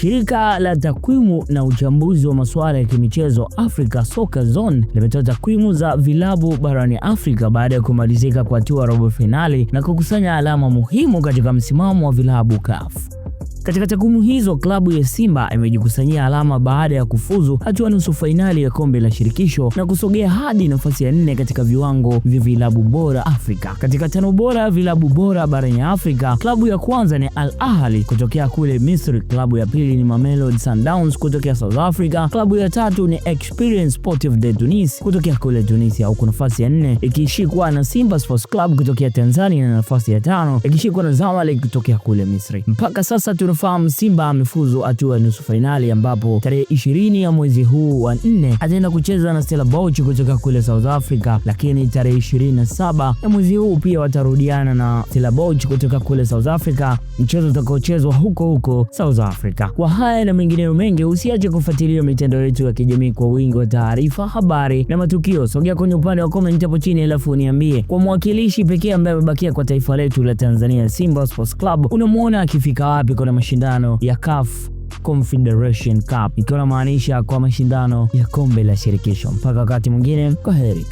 Shirika la takwimu na uchambuzi wa masuala ya kimichezo Africa Soccer Zone limetoa takwimu za vilabu barani Afrika baada ya kumalizika kwa hatua robo finali na kukusanya alama muhimu katika msimamo wa vilabu CAF. Katika takwimu hizo, klabu ya Simba imejikusanyia alama baada ya kufuzu hatua nusu fainali ya kombe la shirikisho na kusogea hadi nafasi ya nne katika viwango vya vilabu bora Afrika. Katika tano bora vilabu bora barani Afrika, klabu ya kwanza ni Al Ahly kutokea kule Misri, klabu ya pili ni Mamelodi Sundowns kutokea South Africa, klabu ya tatu ni Experience Sportive de Tunis kutokea kule Tunisia, huku nafasi ya nne ikishikwa na Simba Sports Club kutokea Tanzania na nafasi ya tano ikishikwa na Zamalek kutokea kule Misri. Mpaka sasa tunafahamu Simba amefuzu hatua ya nusu fainali ambapo tarehe ishirini ya mwezi huu wa nne ataenda kucheza na Stellenbosch kutoka kule South Africa, lakini tarehe ishirini na saba ya mwezi huu pia watarudiana na Stellenbosch kutoka kule South Africa, mchezo utakaochezwa huko huko South Africa. Kwa haya na mengineyo mengi, usiache kufuatilia mitendo yetu ya kijamii kwa wingi wa taarifa, habari na matukio. Sogea kwenye upande wa comment hapo chini, alafu niambie kwa mwakilishi pekee ambaye amebakia kwa taifa letu la Tanzania, Simba Sports Club, unamwona akifika wapi? kwa mashindano ya CAF Confederation Cup, ikiwa na maanisha kwa mashindano ya kombe la shirikisho. Mpaka wakati mwingine, kwa heri.